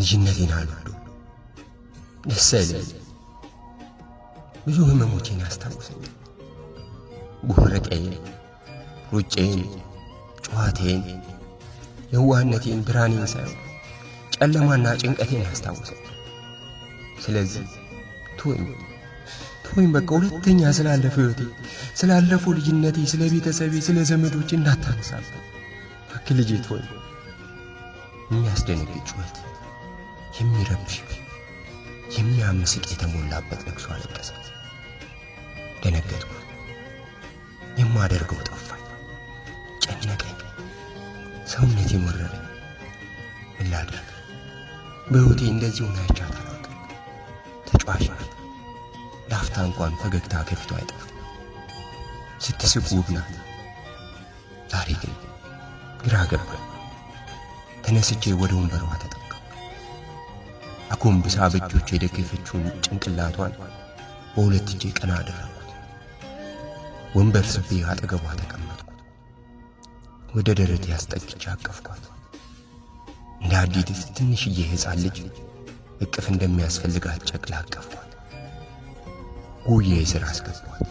ልጅነቴን አልወዱ ደስ አይለኝ። ብዙ ህመሞቼን ያስታውሰኛል። ጉረቀዬን፣ ሩጬን፣ ጨዋቴን፣ የዋህነቴን፣ ብርሃኔን ሳይሆን ጨለማና ጭንቀቴን ያስታውሰኛል። ስለዚህ ቶኝ ቶኝ በቃ ሁለተኛ ስላለፈ ህይወቴ፣ ስላለፈው ልጅነቴ፣ ስለ ቤተሰቤ፣ ስለ ዘመዶች እንዳታነሳብን። አክ ልጄ ቶኝ የሚያስደነግጥ ጩኸት የሚረብሽ የሚያምስ የተሞላበት ልቅሶ አለቀሰች። ደነገጥኩ። የማደርገው ጠፋኝ፣ ጨነቀኝ፣ ሰውነት የመረረኝ። ምን ላድርግ? በሕይወቴ እንደዚህ ሆና አይቻት አላውቅም። ተጫዋች ናት። ላፍታ እንኳን ፈገግታ ከፊቷ አይጠፋም። ስትስቅ ውብ ናት። ዛሬ ግን ግራ ገባኝ። ተነስቼ ወደ ወንበሯ ተጠ አጎንብሳ በእጆች የደገፈችውን ጭንቅላቷን በሁለት እጄ ቀና አደረግኩት። ወንበር ስቤ አጠገቧ ተቀመጥኩ። ወደ ደረት አስጠግቼ አቀፍኳት። እንደ አዲስ ትንሽዬ ሕፃን ልጅ እቅፍ እንደሚያስፈልጋት ጨቅላ አቀፍኳት። ጉዬ የስራ አስገቧት።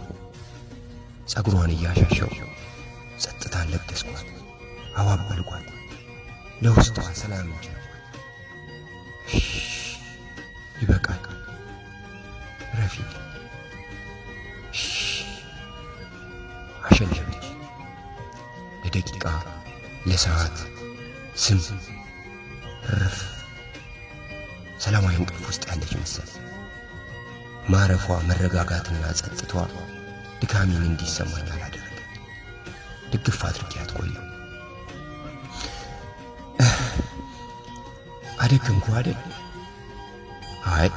ጸጉሯን እያሻሸው ጸጥታን ለገስኳት፣ አባበልኳት። ለውስጧ ሰላም ይበቃል፣ ረፊ አሸንፍ። ለደቂቃ ለሰዓት ስም ርፍ ሰላማዊ እንቅልፍ ውስጥ ያለች መሰል ማረፏ መረጋጋትና ጸጥቷ ድካሜን እንዲሰማኝ አላደረገ። ድግፍ አድርጌ አድርጌያት አደግ እንኳ አይደል? አይ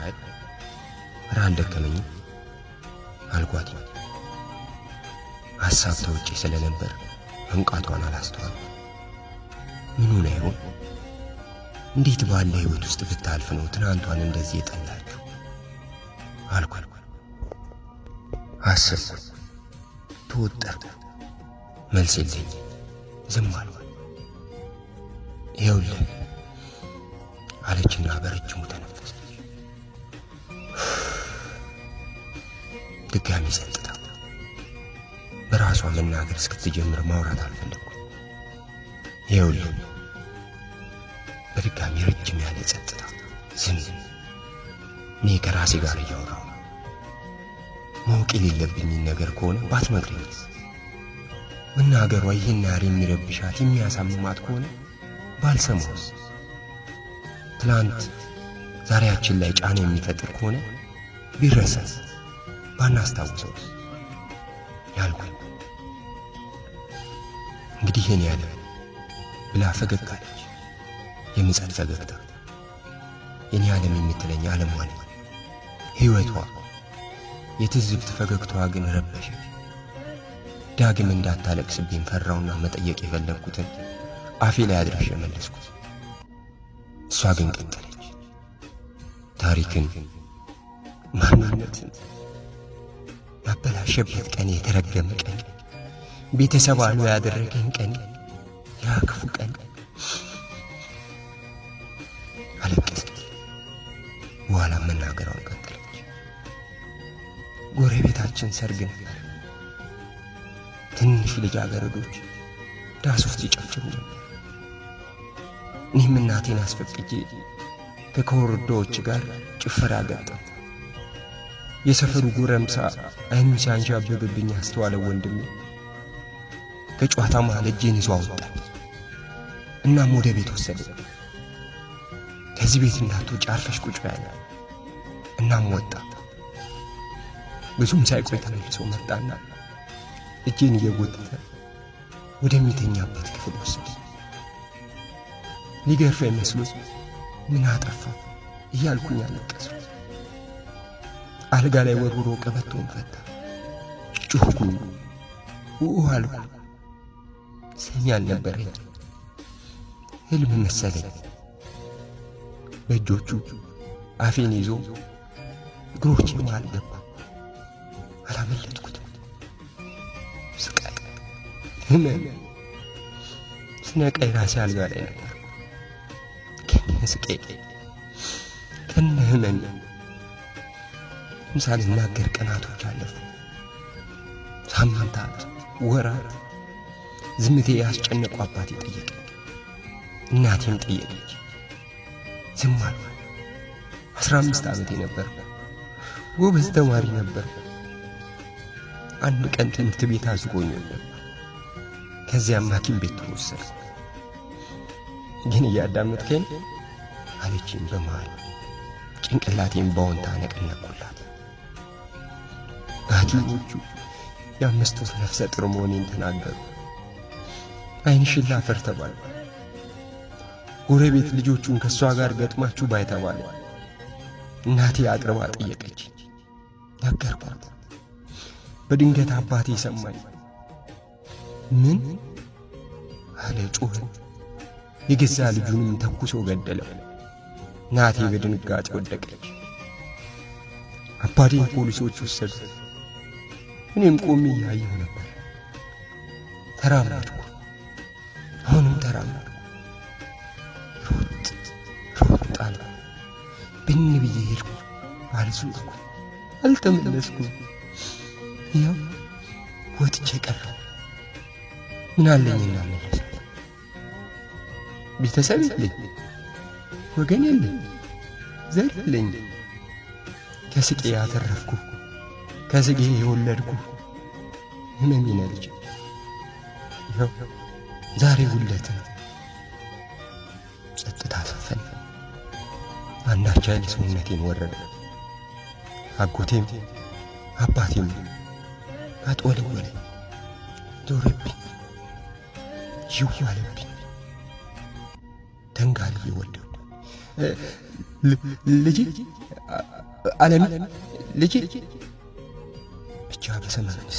ኧረ አልደከመኝም አልኳት። ሐሳብ ተውጬ ስለነበር መንቃቷን አላስተዋል። ምኑ ነው ይሆን? እንዴት ባለ ሕይወት ውስጥ ብታልፍ ነው ትናንቷን እንደዚህ የጠላችሁ? አልኳል። አሰብኩ፣ ተወጠርኩ። መልስ የለኝ፣ ዝም አልኳል። ይኸውልህ አለችና በረጅሙ ተነፈ ድጋሚ ሰልጥታ በራሷ መናገር እስክትጀምር ማውራት አልፈለግኩም። ይኸውልህ በድጋሚ ረጅም ያለ ጸጥታ፣ ዝም። እኔ ከራሴ ጋር እያወራሁ ማወቅ የሌለብኝን ነገር ከሆነ ባትመክረኝስ? መናገሯ ይህን ያህል የሚረብሻት የሚያሳምማት ከሆነ ባልሰማውስ? ትላንት ዛሬያችን ላይ ጫና የሚፈጥር ከሆነ ቢረሰስ? ባናስታውሰውስ ያልኩኝ። እንግዲህ ይህን ያለ ብላ ፈገግ አለች። የምጸት ፈገግታ የኔ ዓለም የምትለኝ ዓለም ሆነ ሕይወቷ። የትዝብት ፈገግታዋ ግን ረበሸች። ዳግም እንዳታለቅስብኝ ፈራውና መጠየቅ የፈለግኩትን አፌ ላይ አድራሽ የመለስኩት። እሷ ግን ቀጠለች። ታሪክን ማንነትን ያበላሸበት ቀን፣ የተረገመ ቀን፣ ቤተሰብ አሉ ያደረገን ቀን፣ ያ ክፉ ቀን አለቀስ በኋላ መናገሯን ቀጠለች። ጎረቤታችን ሰርግ ነበር። ትንሽ ልጃገረዶች ዳስ ውስጥ ይጨፍሩ ነበር። እኔም እናቴን አስፈቅጄ ከኮረዳዎች ጋር ጭፈራ ገጠምኩ። የሰፈሩ ጎረምሳ አይኑን ሲያንዣብብብኝ አስተዋለው ወንድሜ። ከጨዋታ መሃል እጄን ይዞ አወጣ። እናም ወደ ቤት ወሰደ። ከዚህ ቤት እንዳትወጪ አርፈሽ ቁጭ ያለ። እናም ወጣ። ብዙም ሳይቆይ ተመልሶ መጣና እጄን እየጎተተ ወደሚተኛበት ክፍል ወሰደ። ሊገርፈኝ መስሎት ምን አጠፋ እያልኩኝ አለቀስኩ። አልጋ ላይ ወርውሮ ቀበቶን ፈታ። ጩኹ ውህ አልኩ። ሰሚ አልነበረኝ፣ ህልም መሰለኝ። በእጆቹ አፌን ይዞ እግሮቼ መሃል ገባ። አላመለጥኩትም። ስቃይ፣ ህመም ስነቀይ ራሴ አልጋ ላይ ነበር ከነ ስቃይ ከነ ህመም እሱን ሳልናገር ቀናቶች አለፉ፣ ሳምንታት፣ ወራት። ዝምቴ ያስጨነቁ አባቴ ጠየቀ፣ እናቴም ጠየቀች። ዝም አልኩ። አስራ አምስት ዓመቴ የነበር ጎበዝ ተማሪ ነበር። አንድ ቀን ትምህርት ቤት አዝጎኝ ነበር። ከዚያም ሐኪም ቤት ተወሰድኩ። ግን እያዳመጥከኝ አለችኝ በመሃል ጭንቅላቴን በወንታ ነቀነቁላ ሐኪሞቹ የአምስት ወር ነፍሰ ጥሩ መሆኔን ተናገሩ። ዓይንሽን ላፈር ተባለ። ጎረቤት ልጆቹን ከእሷ ጋር ገጥማችሁ ባይተባለ እናቴ አቅርባ ጠየቀች፣ ነገርኳት። በድንገት አባቴ ሰማኝ። ምን አለ ጩኸን። የገዛ ልጁንም ተኩሶ ገደለ። እናቴ በድንጋጤ ወደቀች። አባቴን ፖሊሶች ወሰዱ። እኔም ቆሜ እያየሁ ነበር። ተራመድኩ፣ አሁንም ተራመድኩ። ሮጥ ሮጥ አለ ብን ብዬ ሄድኩ። አልዞርኩ፣ አልተመለስኩም። ያው ወጥቼ ቀረሁ። ምን አለኝና መለሰ? ቤተሰብ የለኝ፣ ወገን የለኝ፣ ዘር የለኝ። ከስቄ ያተረፍኩ ከስጌ የወለድኩ ህመሜን ልጅ ይኸው ዛሬ ውለት ነው። ጸጥታ ሰፈን። አንዳች ኃይል ሰውነቴን ወረደ። አጎቴም አባቴም አጦለወለ ዞረብኝ፣ ይው አለብኝ። ተንጋልዬ ወደኩ። ልጄ አለሚ ልጄ 亲爱的们。